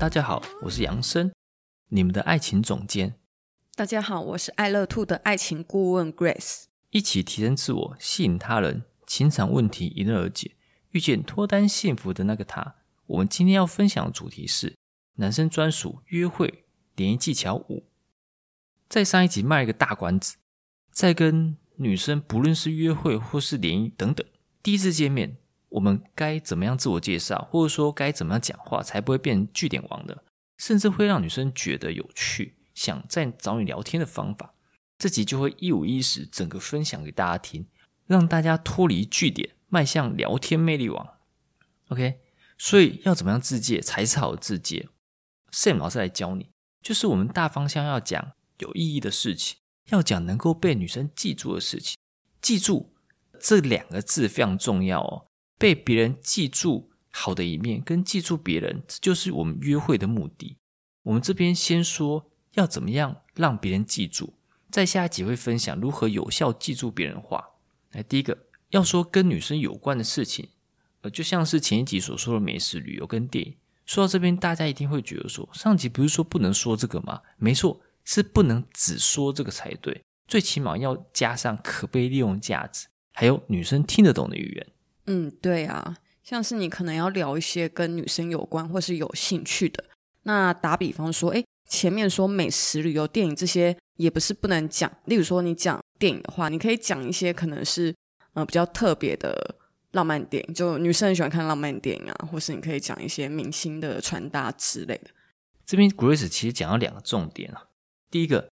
大家好，我是楊生，你們的愛情總監。大家好，我是愛樂 Two 的愛情顧問 Grace。一起提升自我，吸引他人，情場問題迎刃而解，遇見脫單幸福的那個他。我們今天要分享的主題是男生專屬約會聯誼技巧五。在上一集賣一個大關子，再跟女生不論是約會或是聯誼等等，第一次見面。我們該怎麼樣自我介紹，或者說該怎麼樣講話，才不會變成句點王的，甚至會讓女生覺得有趣，想再找你聊天的方法，這集就會一五一十整個分享給大家聽，讓大家脫離句點，邁向聊天魅力王。OK，所以要怎麼樣自介才是好自介？Sam 老師來教你，就是我們大方向要講有意義的事情，要講能夠被女生記住的事情，記住這兩個字非常重要哦。被別人記住好的一面，跟記住別人，這就是我們約會的目的。我們這邊先說要怎麼樣讓別人記住，在下一集會分享如何有效記住別人話。來，第一個要說跟女生有關的事情，呃，就像是前一集所說的美食、旅遊跟電影。說到這邊，大家一定會覺得說，上集不是說不能說這個嗎？沒錯，是不能只說這個才對，最起碼要加上可被利用價值，還有女生聽得懂的語言。嗯，對啊，像是你可能要聊一些跟女生有關或是有興趣的。那打比方說，哎，前面說美食、旅遊、電影這些也不是不能講。例如說，你講電影的話，你可以講一些可能是呃比較特別的浪漫電影，就女生很喜歡看浪漫電影啊，或是你可以講一些明星的穿搭之類的。這邊 Grace 其實講到兩個重點啊，第一個，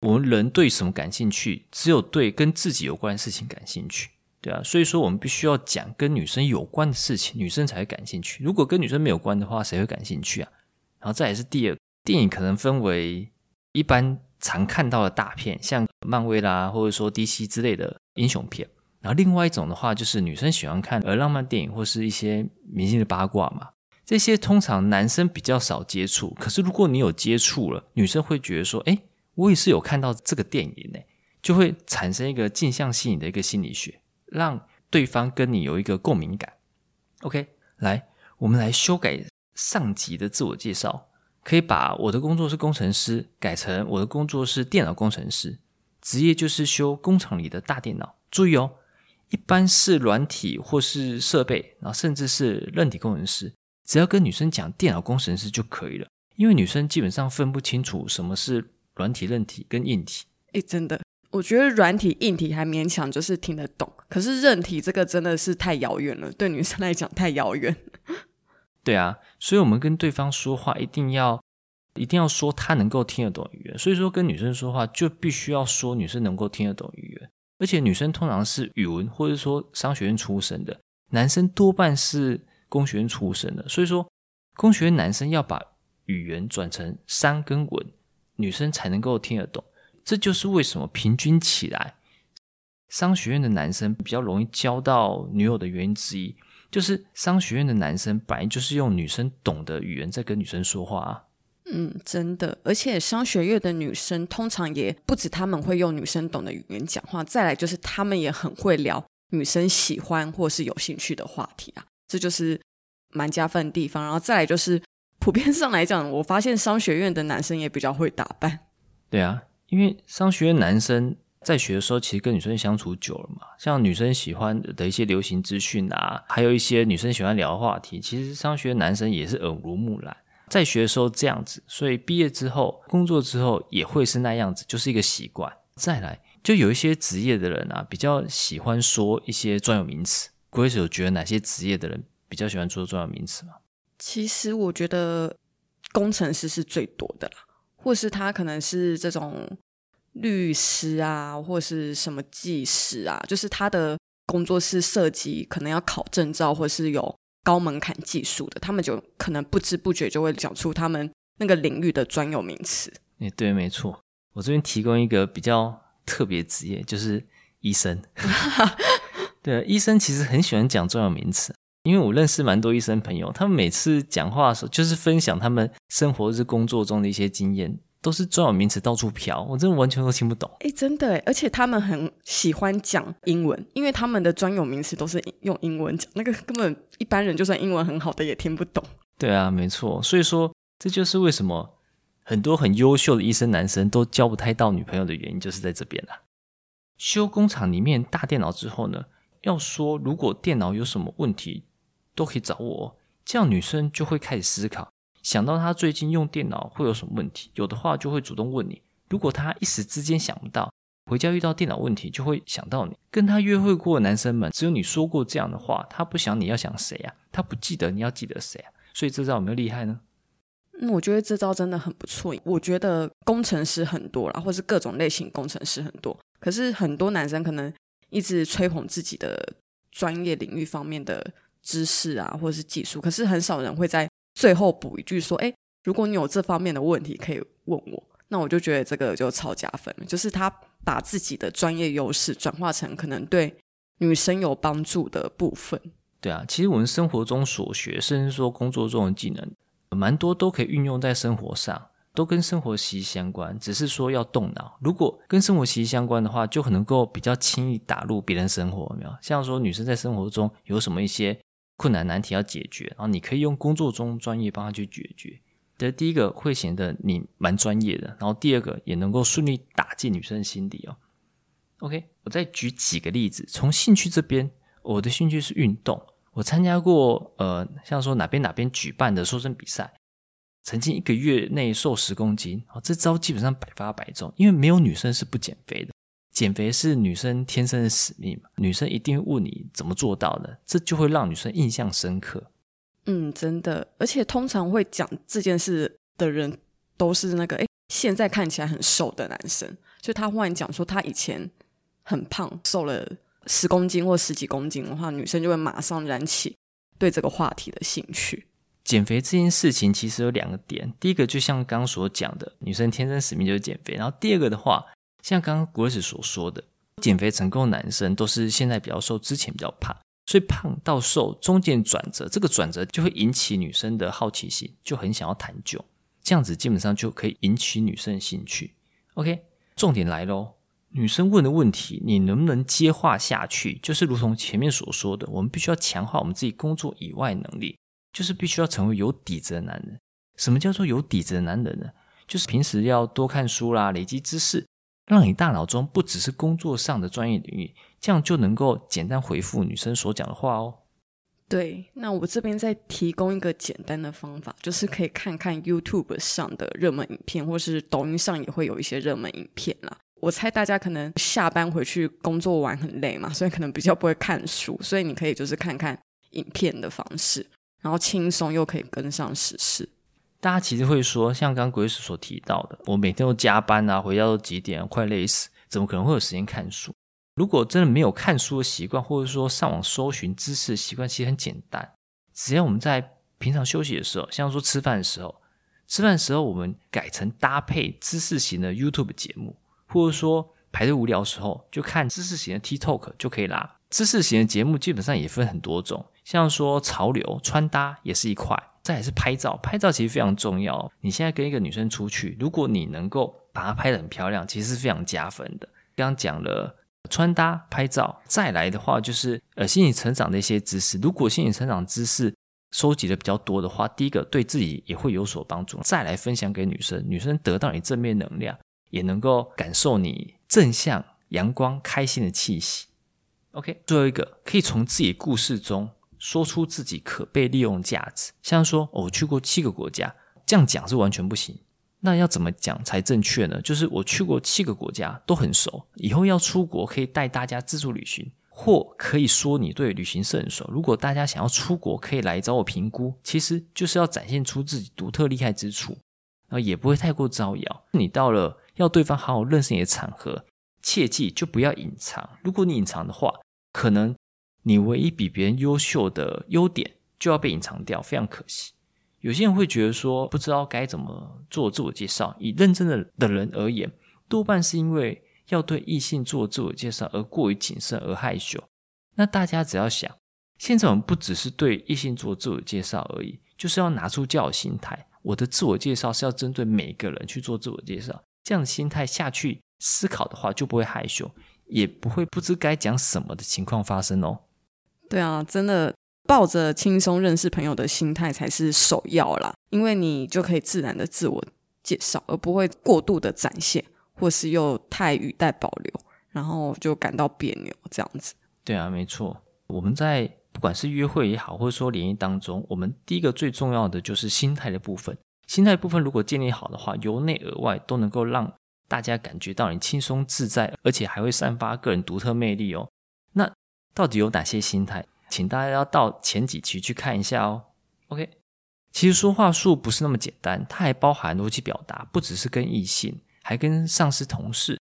我們人對什麼感興趣？只有對跟自己有關的事情感興趣。對啊，所以說我們必須要講跟女生有關的事情，女生才會感興趣。如果跟女生沒有關的話，誰會感興趣啊？然後再來是第二個，電影可能分為一般常看到的大片，像漫威啦，或者說 DC 之類的英雄片。然後另外一種的話，就是女生喜歡看呃浪漫電影或是一些明星的八卦嘛。這些通常男生比較少接觸，可是如果你有接觸了，女生會覺得說：“哎，我也是有看到這個電影誒。”就會產生一個鏡像吸引的一個心理學。讓對方跟你有一個共鳴感。OK，來，我們來修改上集的自我介紹，可以把我的工作是工程師改成我的工作是電腦工程師，職業就是修工廠裡的大電腦。注意哦，一般是軟體或是設備，然後甚至是韌體工程師，只要跟女生講電腦工程師就可以了，因為女生基本上分不清楚什麼是軟體、韌體跟硬體。誒、欸，真的。我覺得軟體硬體還勉強，就是聽得懂。可是韌體這個真的是太遙遠了，對女生來講太遙遠。對啊，所以我們跟對方說話一定要一定要說他能夠聽得懂語言。所以說跟女生說話就必須要說女生能夠聽得懂語言。而且女生通常是語文或者說商學院出身的，男生多半是工學院出身的。所以說工學院男生要把語言轉成三跟文，女生才能夠聽得懂。這就是為什麼平均起來，商學院的男生比較容易交到女友的原因之一，就是商學院的男生本來就是用女生懂的語言在跟女生說話啊。嗯，真的，而且商學院的女生通常也不止他們會用女生懂的語言講話。再來就是他們也很會聊女生喜歡或是有興趣的話題啊，這就是蠻加分的地方。然後再來就是普遍上來講，我發現商學院的男生也比較會打扮。對啊。因為商學院男生在學的時候，其實跟女生相處久了嘛，像女生喜歡的一些流行資訊啊，還有一些女生喜歡聊的話題，其實商學院男生也是耳濡目染，在學的時候這樣子，所以畢業之後工作之後也會是那樣子，就是一個習慣。再來，就有一些職業的人啊，比較喜歡說一些專有名詞。Grace 覺得哪些職業的人比較喜歡說專有名詞嗎？其實我覺得工程師是最多的啦。或是他可能是這種律師啊，或是什麼技師啊，就是他的工作是涉及可能要考證照，或是有高門檻技術的，他們就可能不知不覺就會講出他們那個領域的專有名詞。誒、欸，對，沒錯，我這邊提供一個比較特別職業，就是醫生。 對，醫生其實很喜歡講專有名詞。因為我認識蠻多醫生朋友，他們每次講話的時候，就是分享他們生活或是工作中的一些經驗，都是專有名詞到處飄，我真的完全都聽不懂。誒，真的，而且他們很喜歡講英文，因為他們的專有名詞都是用英文講，那個根本一般人就算英文很好的也聽不懂。對啊，沒錯，所以說這就是為什麼很多很優秀的醫生男生都交不太到女朋友的原因，就是在這邊啦。修工廠裡面大電腦之後呢，要說如果電腦有什麼問題。都可以找我哦，這樣女生就會開始思考，想到她最近用電腦會有什麼問題，有的話就會主動問你。如果她一時之間想不到，回家遇到電腦問題就會想到你。跟她約會過的男生們，只有你說過這樣的話，她不想你要想誰啊？她不記得你要記得誰啊？所以這招有沒有厲害呢？嗯，我覺得這招真的很不錯。我覺得工程師很多啦，或是各種類型工程師很多，可是很多男生可能一直吹捧自己的專業領域方面的。知識啊，或者是技術，可是很少人會在最後補一句說：“誒，如果你有這方面的問題，可以問我。”那我就覺得這個就超加分了，就是他把自己的專業優勢轉化成可能對女生有幫助的部分。對啊，其實我們生活中所學，甚至說工作中的技能，蠻多都可以運用在生活上，都跟生活息息相關。只是說要動腦，如果跟生活息息相關的話，就可能夠比較輕易打入別人生活。有沒有像說女生在生活中有什麼一些。困難難題要解決，然後你可以用工作中專業幫他去解決。這第一個會顯得你蠻專業的，然後第二個也能夠順利打進女生的心底哦。OK，我再舉幾個例子。從興趣這邊，我的興趣是運動，我參加過呃，像說哪邊哪邊舉辦的瘦身比賽，曾經一個月內瘦十公斤，哦，這招基本上百發百中，因為沒有女生是不減肥的。減肥是女生天生的使命，女生一定會問你怎麼做到的，這就會讓女生印象深刻。嗯，真的，而且通常會講這件事的人都是那個誒，現在看起來很瘦的男生，所以他忽然講說他以前很胖，瘦了十公斤或十幾公斤的話，女生就會馬上燃起對這個話題的興趣。減肥這件事情其實有兩個點，第一個就像剛剛所講的，女生天生使命就是減肥，然後第二個的話。像剛剛 Grace 所說的，減肥成功的男生都是現在比較瘦，之前比較胖，所以胖到瘦中間轉折，這個轉折就會引起女生的好奇心，就很想要探究，這樣子基本上就可以引起女生的興趣。OK，重點來嘍，女生問的問題，你能不能接話下去？就是如同前面所說的，我們必須要強化我們自己工作以外能力，就是必須要成為有底子的男人。什麼叫做有底子的男人呢？就是平時要多看書啦，累積知識。讓你大腦中不只是工作上的專業領域，這樣就能夠簡單回覆女生所講的話哦。對，那我這邊再提供一個簡單的方法，就是可以看看 YouTube 上的熱門影片，或是抖音上也會有一些熱門影片啦。我猜大家可能下班回去工作完很累嘛，所以可能比較不會看書，所以你可以就是看看影片的方式，然後輕鬆又可以跟上時事。大家其實會說，像剛 Grace 所所提到的，我每天都加班啊，回家都幾點啊，快累死，怎麼可能會有時間看書？如果真的沒有看書的習慣，或者說上網搜尋知識的習慣，其實很簡單，只要我們在平常休息的時候，像說吃飯的時候，吃飯的時候我們改成搭配知識型的 YouTube 節目，或者說排隊無聊的時候，就看知識型的 TikTok 就可以啦。知識型的節目基本上也分很多種，像說潮流穿搭也是一塊。再來是拍照，拍照其實非常重要。你現在跟一個女生出去，如果你能夠把她拍得很漂亮，其實是非常加分的。剛剛講了穿搭、拍照，再來的話就是呃心理成長的一些知識。如果心理成長知識收集的比較多的話，第一個對自己也會有所幫助。再來分享給女生，女生得到你正面能量，也能夠感受你正向、陽光、開心的氣息。OK，最後一個可以從自己的故事中。說出自己可被利用價值，像說，哦“我去過七個國家”，這樣講是完全不行。那要怎麼講才正確呢？就是我去過七個國家，都很熟。以後要出國，可以帶大家自助旅行，或可以說你對旅行社很熟。如果大家想要出國，可以來找我評估。其實就是要展現出自己獨特厲害之處，啊，也不會太過招搖。你到了要對方好好認識你的場合，切記就不要隱藏。如果你隱藏的話，可能。你唯一比別人優秀的優點就要被隱藏掉，非常可惜。有些人會覺得說不知道該怎麼做自我介紹，以認真的人而言，多半是因為要對異性做自我介紹而過於謹慎而害羞。那大家只要想，現在我們不只是對異性做自我介紹而已，就是要拿出較好心態。我的自我介紹是要針對每一個人去做自我介紹，這樣的心態下去思考的話，就不會害羞，也不會不知該講什麼的情況發生哦。對啊，真的抱着輕鬆認識朋友的心態才是首要啦，因為你就可以自然的自我介紹，而不會過度的展現，或是又太語帶保留，然後就感到彆扭這樣子。對啊，沒錯，我們在不管是約會也好，或者說聯誼當中，我們第一個最重要的就是心態的部分。心態部分如果建立好的話，由內而外都能夠讓大家感覺到你輕鬆自在，而且還會散發個人獨特魅力哦。那。到底有哪些心態？請大家要到前幾期去看一下哦。OK，其實說話術不是那麼簡單，它還包含邏輯表達，不只是跟異性，還跟上司、同事，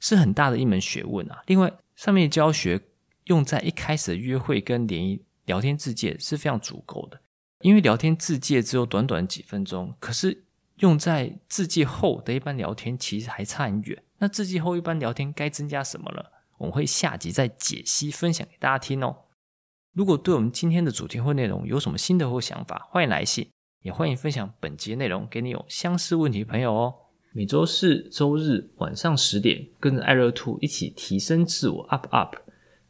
是很大的一門學問啊。另外，上面的教學用在一開始的約會跟聯誼聊天自介是非常足夠的，因為聊天自介只有短短幾分鐘，可是用在自介後的一般聊天其實還差很遠。那自介後一般聊天該增加什麼呢？我們會下集再解析分享給大家聽哦。如果對我們今天的主題或內容有什麼心得或想法，歡迎來信，也歡迎分享本集內容給你有相似問題的朋友哦。每週四週日晚上十點，跟着愛樂 Two 一起提升自我，up up。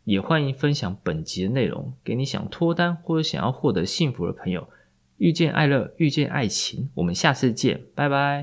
也歡迎分享本集的內容給你想脫單或者想要獲得幸福的朋友。遇見愛樂，遇見愛情。我們下次見，拜拜。